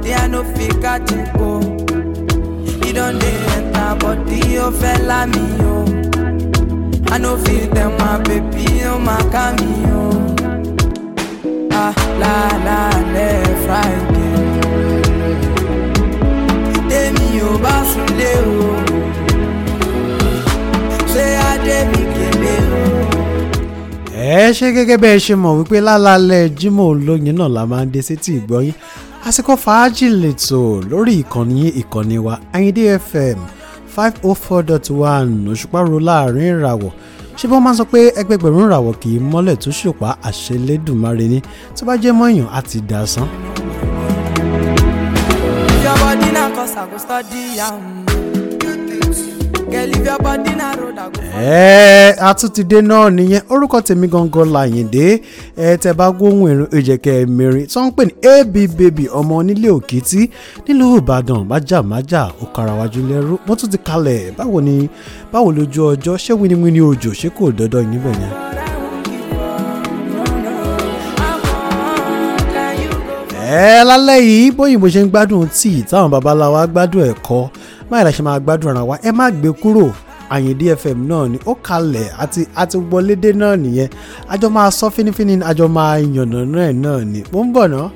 body, I no fit catch him go. He don't dey enter body, oh fella me oh. I no fit tell my baby, oh my kami oh. Ah la la le Friday. Demi o ba sule o. Say I demi kele ẹ ṣe gẹ́gẹ́ bẹ́ẹ̀ ṣe mọ̀ wípé lálálẹ́ Jímọ̀ olóyin náà la máa ń dé sétí ìgbọ́yín àsìkò fàájì lètò lórí ìkànnì ìkànnì wa Ayíǹde FM five oh four dot one òṣùpárò láàrin ìràwọ̀ ṣé bí wọ́n máa ń sọ pé ẹgbẹgbẹ̀rún ìràwọ̀ kì í mọ́lẹ̀ tó ṣùpá àṣẹlédùmarè ni tó bá jẹ́ mọ́yàn á ti dà sán. your body na cause i ẹ eh, àtúntìdé náà nìyẹn orúkọ tèmi gangan làyìndé ẹ tẹ bá gbóhùn ẹ̀rùn ìjẹ̀kẹ́ mẹ́rin tó ń pè ní ab baby ọmọ onílé òkìtì nílùú ìbàdàn májàmájà òkàràwájú lẹ́rú wọ́n tún ti kalẹ̀ báwo ni báwo lójú ọjọ́ ṣé wíníwíní òjò ṣé kò dọ́dọ̀ yín bẹ̀ yẹn. ẹ eh, lálẹ́ yìí bóyìnbó ṣe ń gbádùn tíì táwọn babaláwa gbádùn ẹ̀kọ́ báyìí la ṣe máa gbádùn ara wa ẹ má gbé kúrò Àyìndé FM náà ni ó kalẹ̀ àti àti wọlédé náà nìyẹn àjọ máa sọ fínífíní àjọ máa yànnà náà náà ni mo ń bọ̀ náà.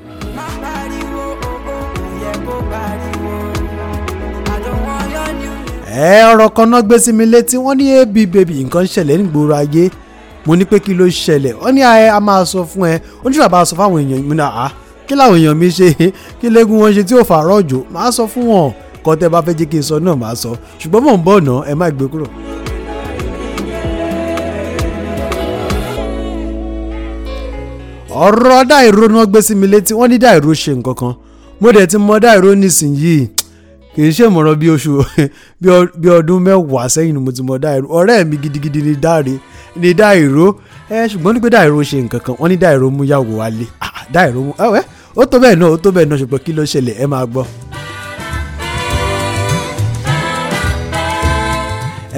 ẹ ọ̀rọ̀ kan náà gbé sí mi létí wọ́n ní ab baby nǹkan ṣẹlẹ̀ nígboro ayé mo ní pé kí ló ṣẹlẹ̀ ó ní ayé a máa sọ fún ẹ oníṣòwò àbá sọ fún àwọn èèyàn mi náà kí làwọn èèyàn mi ṣe kí lẹ́gùn wọn ṣe tí ò fàárọ̀ jò máa sọ fún wọn nǹkan tẹ́ bá fẹ́ jẹ́ kí n sọ náà màá sọ ṣùgbọ́n mò ń bọ̀ ọ̀nà ẹ má gbé kúrò. ọ̀rọ̀ Dáìró ni wọ́n gbé sí mi létí wọ́n ní Dáìró ṣe nǹkan kan mo dẹ̀ ti mọ Dáìró nísìnyìí kì í ṣe mọ̀rọ̀ bí oṣù bí ọdún mẹ́wàá sẹ́yìn ni mo ti mọ Dáìró ọ̀rẹ́ mi gidigidi ni Dáìró ni Dáìró ẹ ṣùgbọ́n ní pé Dáìró ṣe nǹkan kan wọ́n ní Dáìró mú yàwó wálé ah, Dáìró mú ẹ ó tó bẹ́ẹ̀ náà ó tó bẹ́ẹ̀ náà ṣùgbọ́n kí ló ṣẹlẹ̀ ẹ máa gbọ́.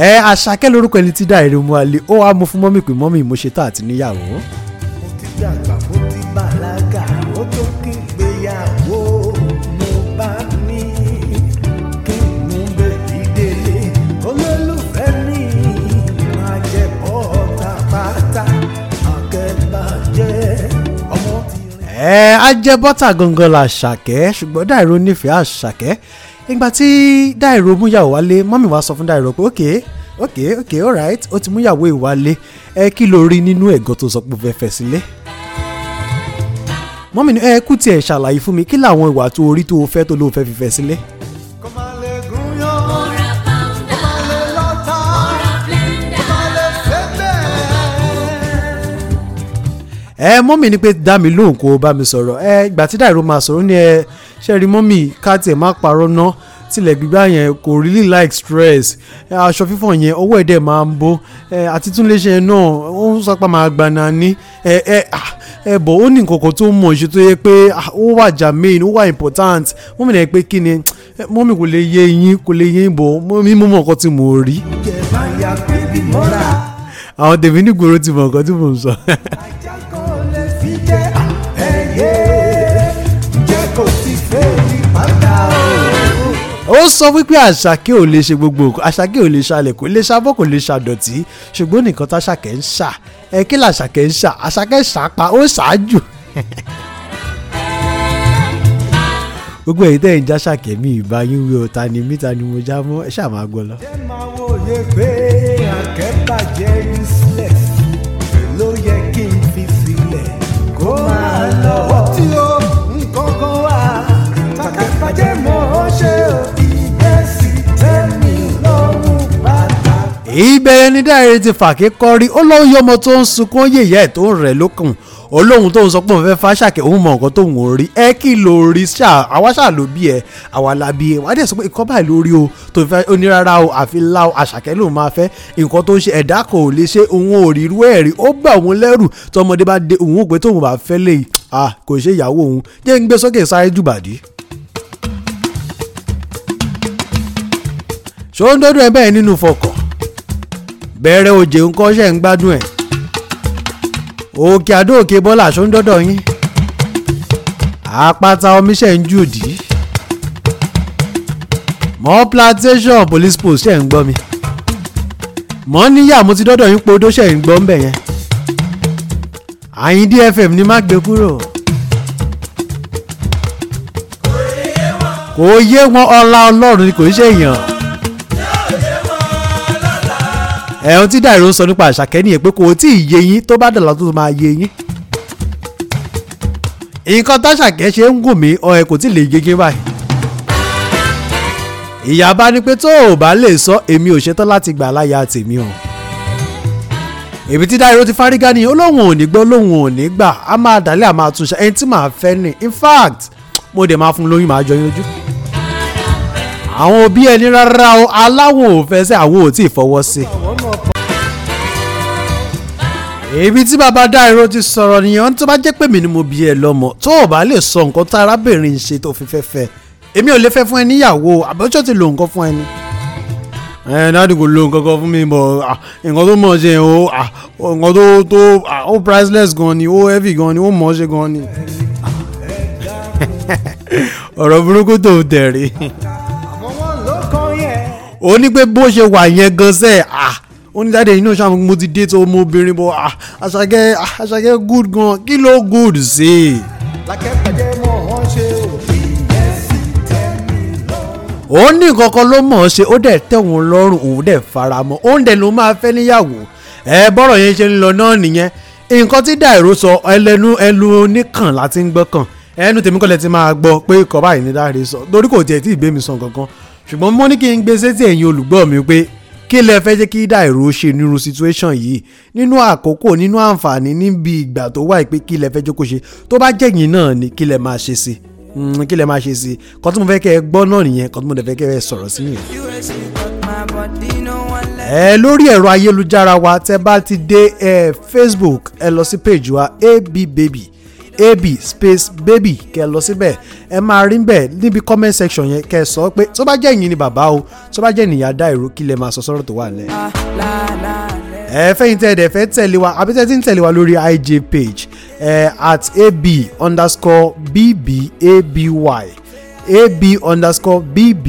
ẹ àṣàkẹ́ lórúkọ ẹni tí dá èrè mu àlè ó wàá mú fún mọ́mì pé mọ́mì mo ṣe tá àti níyàwó. mo ti dàgbà mo ti bàlágà ó tó kí gbéyàwó mo bá ní kí mú bèbí délé olólùfẹ́ mi máa jẹ ọ̀tá pátá àkẹ́bàjẹ́ ọmọ ti ẹ á jẹ gangan la ṣàkẹ́ ṣùgbọ́n dàrú nífẹ̀ẹ́ àṣàkẹ́ ìgbà tí dáìrò múyàwó wálé mọ́mì wa sọ fún dáìrò pé ok ok ok alright ó ti múyàwó ìwálé ẹ kí ló rí nínú ẹ̀gọ́ tó sọ pé ó fẹ́ fẹ́ sílé mọ́mì ni ẹ kú tiẹ̀ ṣàlàyé fún mi kí làwọn ìwà tó orí tó fẹ́ tó ló fẹ́ fi fẹ́ sílé. ẹ mọ́mì ni pé dá mi lóhùn kó o bá mi sọ̀rọ̀ ẹ ìgbà tí dàrú máa sọ̀rọ̀ ní ẹ ṣe rí mọ́mì ká tiẹ̀ má parọ́ ná tilẹ̀ gbígbá yẹn kò really like stress aṣọ fífọ̀ yẹn ọwọ́ ẹ̀ dẹ̀ máa ń bó àti tún léṣe yẹn náà ó ń sọpá máa gbaná ní ẹ ẹ ẹ bọ̀ ó ní nǹkan kan tó mọ̀ ṣe tó yẹ pé ó wà germane ó wà important mọ́mì náà pé kí ni mọ́mì kò lè yé yín kò lè yé yín bọ̀ mọ́mì mọ́ mọ́ nǹkan tí mo rí. àwọn tèmi nígboro ti mọ̀ nǹkan tí mo ń sọ. kò ti fẹ́ ìpàdà o. ó sọ wípé àṣàkè ò lè ṣe gbogbo àṣàkè ò lè ṣàlẹ̀ kò lè ṣàbọ̀ kò lè ṣàdọ̀tí ṣùgbọ́n nìkan táṣàkè ń ṣà ẹ kí làṣàkè ń ṣà àṣàkè ṣàpá ó ṣáájú gbogbo èyí tẹ̀ ń já ṣàkẹ́mí ìbáyín wí ọ̀tá ni mí ta ni mo já mọ́ ẹ ṣáà máa gbọ́ lọ. jẹ́ máa wòye pé àkẹ́bàjẹ́ useless. ìbẹ̀rẹ̀ ní dáìrẹ́ ti fàáké kọ́rí ó lóun yọmọ tó ń sunkún yẹ̀yẹ́ ẹ̀ tó ń rẹ̀ lókun ó lóun tó ń sọ pé òun fẹ́ fà ṣàkẹ́ òun mọ nǹkan tóun ò rí ẹ kí ló rí ṣá àwa ṣá ló bí ẹ àwa la bí ẹ wọ́n á dẹ̀ sọ pé ìkọ́ báyìí lórí o tó fẹ́ onírara o àfi la o àṣàkẹ́ lòun máa fẹ́ nǹkan tó ń ṣe ẹ̀dá kò lè ṣe òun ò rí irú ẹ̀ rí ó gbà òun lẹ́rù tọmọdé bá dé òun ò tóun bá fẹ́ lè ah kò ṣe ìyàwó òun jẹ́ ń gbé sókè sáré jùbàdí. ṣòun dọ́dún ẹ bẹ́ẹ̀ nínú fọkàn bẹ̀rẹ̀ òjè ń kọ́ṣẹ́ ń gbádùn ẹ̀ òkè àdó òkè bọ́lá aṣọ ń dọ́dọ̀ yín àpáta omiṣẹ́ ń jùdí mọ́ plantation police post ṣẹ̀ ń gbọ́ mi mọ́ níyà mo ti dọ́dọ̀ yín podó ṣẹ̀ ń gbọ́ ń yẹn àyín DFM ni má gbé kúrò kò yé wọn ọlá ọlọ́run ni kò ń ṣèyàn. ẹ̀hún tí dàìrò ń sọ nípa àṣàkẹ́ nìyẹn pé kò tí ì yé yín tó bá dàlá tó máa yé yín nǹkan táṣàkẹ́ ṣe ń gùn mí ọ̀ẹ́ kò tí ì lè yé báyìí ìyá bá ní pé tó ò bá lè sọ èmi ò ṣetán láti gbà láyà tèmi o èmi tí dàìrò ti fárígá ni olóhùn ò gbọ́ olóhùn ò gbà á máa dàlẹ́ àmà àtúnṣe ẹni tí màá fẹ́ ni in fact mo dẹ̀ máa fún lóyún màá jọ yín lójú àwọn òbí ẹni rárá o aláwọ̀ ò àwọn ò tí ì fọwọ́ sí i èébí tí bàbá Dáìró ti sọ̀rọ̀ nìyẹn tó bá jẹ́ pé mi ni mo bí ẹ lọ́mọ tó o bá lè sọ nǹkan tá arábìnrin ń ṣe tó fi fẹ́ fẹ́ èmi ò lè fẹ́ fún ẹ níyàwó àbọ̀jọ́ ti lo nǹkan fún ẹ ni. ẹ dáàdì kò lo nǹkan kan fún mi bọ̀ nǹkan tó mọ̀ ṣe o nǹkan tó tó ó priceless gan ni ó heavy gan ni ó mọ̀ ṣe gan ni. ọ̀rọ̀ burúkú tó tẹ̀ rí. ó ní pé bó ṣe wà yẹn gan sẹ́ẹ̀ ó ní dáadé inú ṣáà mo ti dé tó mo obìnrin bọ̀ ah, àṣàkẹ́ ah, àṣàkẹ́ good gan kí ló good ṣe. lákẹ́kọ̀ọ́ mọ̀ ọ́n ṣe òbí ẹ̀sìn tẹ̀mí lọ́rùn. ó ní kankan ló mọ̀ ọ́n ṣe ó dẹ̀ tẹ́ òun lọ́rùn òun dẹ̀ faramọ́ òun dẹ̀ ló máa fẹ́ níyàwó ẹ bọ́rọ̀ yẹn ṣe ń lọ náà nìyẹn nǹkan tí dàìró sọ ẹlẹ́nu ẹlú oníkàn láti ń gbọ́kàn ẹnu tèmi kọ́lẹ̀ ti máa gbọ́ pé kọ́ báyìí ní dáre sọ torí kò tiẹ̀ tí ì gbé mi sàn kankan ṣùgbọ́n mo ní kí n gbé e sétí ẹ̀yin olùgbọ́ mi pé kí lẹ fẹ́ jẹ́ kí Dàìrò ṣe nírú situation yìí nínú àkókò nínú àǹfààní níbi ìgbà tó wà pé kí lẹ fẹ́ jókòó ṣe tó bá jẹ̀yìn náà ni kí lẹ máa ṣe sí hmm, kí lẹ máa ṣe sí kan tí mo fẹ́ kẹ́ ẹ gbọ́ náà nìyẹn kan tí mo dẹ̀ fẹ́ kẹ́ ẹ sọ̀rọ̀ sí nìyẹn. ẹ lórí ẹ̀rọ ayélujára wa tẹ́ bá ti dé Facebook ẹ lọ sí page wa AB Baby ab space baby kẹ́ ẹ lọ síbẹ̀ ẹ máa rí bẹ́ẹ̀ níbi comment section yẹn kẹ́ ẹ sọ pé tó bá jẹ́ ìyìn ni bàbá o tó bá jẹ́ ìnìyà dá ìró kí lẹ máa sọ sọ́rọ̀ tó wà lẹ́. ẹ fẹ́yìn tẹ́ ẹ dẹ̀ fẹ́ tẹ̀lé wa àbí tẹ́ ti ń tẹ̀lé wa lórí ig page eh, at ab underscore bbaby ab underscore bb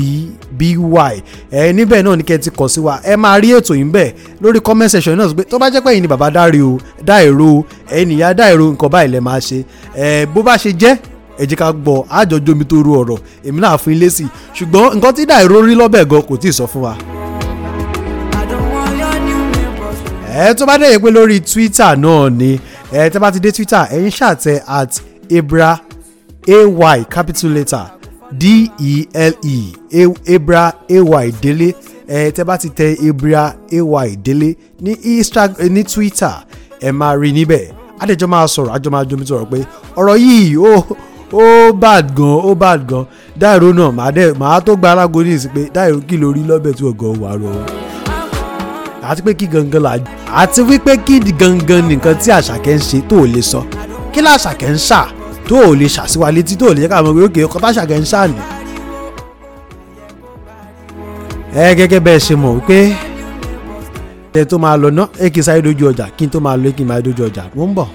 by ẹ níbẹ̀ náà ní kẹ́ ẹ ti kọ̀ sí wa ẹ máa rí ètò yìí ń bẹ̀ lórí comment section náà pé tó bá jẹ́ pé ẹ̀yin ni bàbá dáre o dá èrò ẹ̀yin ìyá dá èrò nǹkan báyìí lẹ máa ṣe ẹ bó bá ṣe jẹ́ ẹ jẹ́ ká gbọ́ àjọjọ́ mi tó ru ọ̀rọ̀ èmi náà fún ilé sí i ṣùgbọ́n nǹkan tí dá rí lọ́bẹ̀ gan kò tí sọ fún wa. ẹ tó bá dẹ̀ pé lórí Twitter náà ni ẹ tẹ́ bá ti dé Twitter ẹ̀yin ṣàtẹ at Ibra ay capital letter E e, d-e-l-e ebra eh, ay délé ẹ tẹ́ bá ti tẹ ebra ay délé ní instagram eh, ní twitter ẹ máa rí níbẹ̀ àdéjọ máa sọ̀rọ̀ àjọ máa jomi sọ̀rọ̀ pé ọ̀rọ̀ yìí ó ó bad gan ó bad gan dáìró náà màá dẹ màá tó gba alágo ní ìsìn pé dáìró kí lórí lọ́bẹ̀ tí ọ̀gá wà rọ àti pé kí gangan là àti wípé kí gangan nìkan tí àṣàkẹ́ ń ṣe tó lè sọ kí làṣàkẹ́ ń ṣà tó ò lè ṣàṣìwà létí tó ò lè jẹ́ ká mọ̀ pé òkè ọkọ̀ táṣà gẹ̀ ń ẹ gẹ́gẹ́ bẹ́ẹ̀ ṣe mọ̀ wípé ẹ tó máa lọ ná ẹ sáré dojú ọjà kí n tó máa lọ ẹ máa dojú ọjà mo ń bọ̀.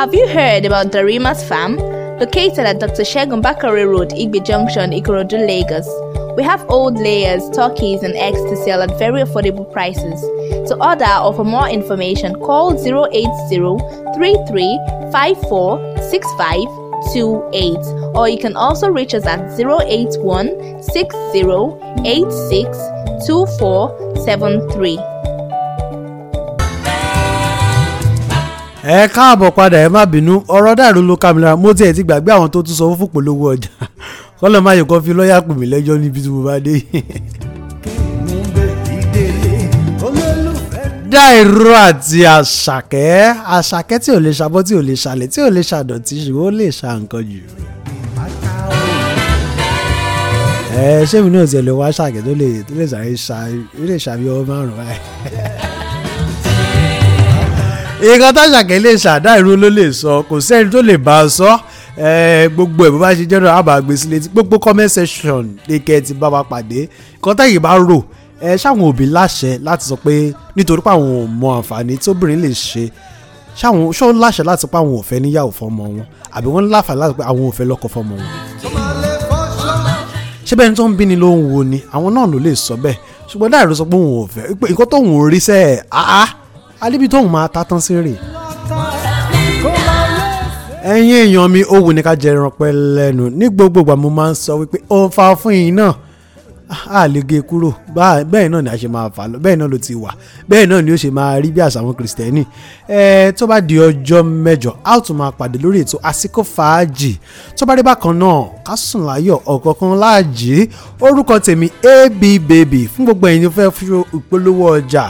Have you heard about Darima's farm? Located at Dr. Shegun Bakare Road, Igbe Junction, Ikorodu, Lagos. We have old layers, turkeys, and eggs to sell at very affordable prices. To order or for more information, call 080 or you can also reach us at 081 ẹ káàbọ̀ padà ẹ má bínú ọ̀rọ̀ dàrú ló kàmìlà mo tiẹ̀ ti gbàgbé àwọn tó tún sọ fún polówó ọjà kọ́lọ̀ máa yẹ kó fi lọ́ọ̀yà pè mí lẹ́jọ́ níbi tí mo bá dé. Dáìró àti Àṣàkẹ́ Àṣàkẹ́ tí ò lè ṣabọ́ tí ò lè ṣàlẹ̀ tí ò lè ṣàdọ̀tí ṣùgbọ́n ó lè ṣa nǹkan jù. ẹ ṣé mi náà tiẹ̀ lè wá Àṣàkẹ́ tó lè tó lè sàré ṣa ó lè ṣàbí ọwọ́ márùn-ún báyìí. ìkan táṣàkẹ́ lè ṣàdá ìró ló lè sọ kò sẹ́ni tó lè bá a sọ. So Eh, gbogbo ẹ̀ bó bá ṣe jẹ́ náà létí gbogbo comment section ní kẹ́ ti bá wa pàdé kọ́ńtà yìí bá rò ẹ ṣáwọn òbí láṣẹ láti sọ pé nítorí pé àwọn ò mọ àǹfààní tí obìnrin lè ṣe ṣáwọn ṣó ń láṣẹ láti pé àwọn ò fẹ́ níyàwó fọmọ wọn àbí wọ́n láfà láti pé àwọn ò fẹ́ fọmọ wọn. ṣé bẹ́ẹ̀ ni tó ń bí ni ló ń wo ni àwọn náà ló lè sọ bẹ́ẹ̀ ṣùgbọ́n dáàrú sọ pé òun ò fẹ́ nǹkan tóun rí sẹ́ẹ̀ áá alíbi tóun máa ta tán sí rèé ẹ̀yin èèyàn mi ó wù ní ká jẹ ẹran pẹ́ lẹ́nu ní gbogbo ìgbà mo máa ń sọ wípé ó fa fún yín náà a lè gé e kúrò bẹ́ẹ̀ náà ni a ṣe máa fà lọ bẹ́ẹ̀ náà ló ti wà bẹ́ẹ̀ náà ni ó ṣe máa rí bí àṣà àwọn kìrìsìtẹ́nì tó bá di ọjọ́ mẹ́jọ a ó tún máa pàdé lórí ètò àsìkò fàájì tó bá rí bákan náà ká sùn láyọ̀ ọ̀kọ̀ọ̀kan láàjì orúkọ tèmi ab baby fún gbogbo ẹ̀yin tó fẹ́ fi ìpolówó ọjà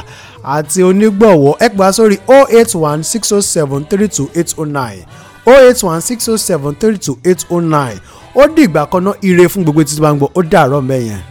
àti onígbọ̀wọ́ ẹ pè sórí 081 607 32809 08160732809 ó dìgbà kan náà ire fún gbogbo títí bá ń gbọ́ ó dàárọ̀ mẹ́yẹn.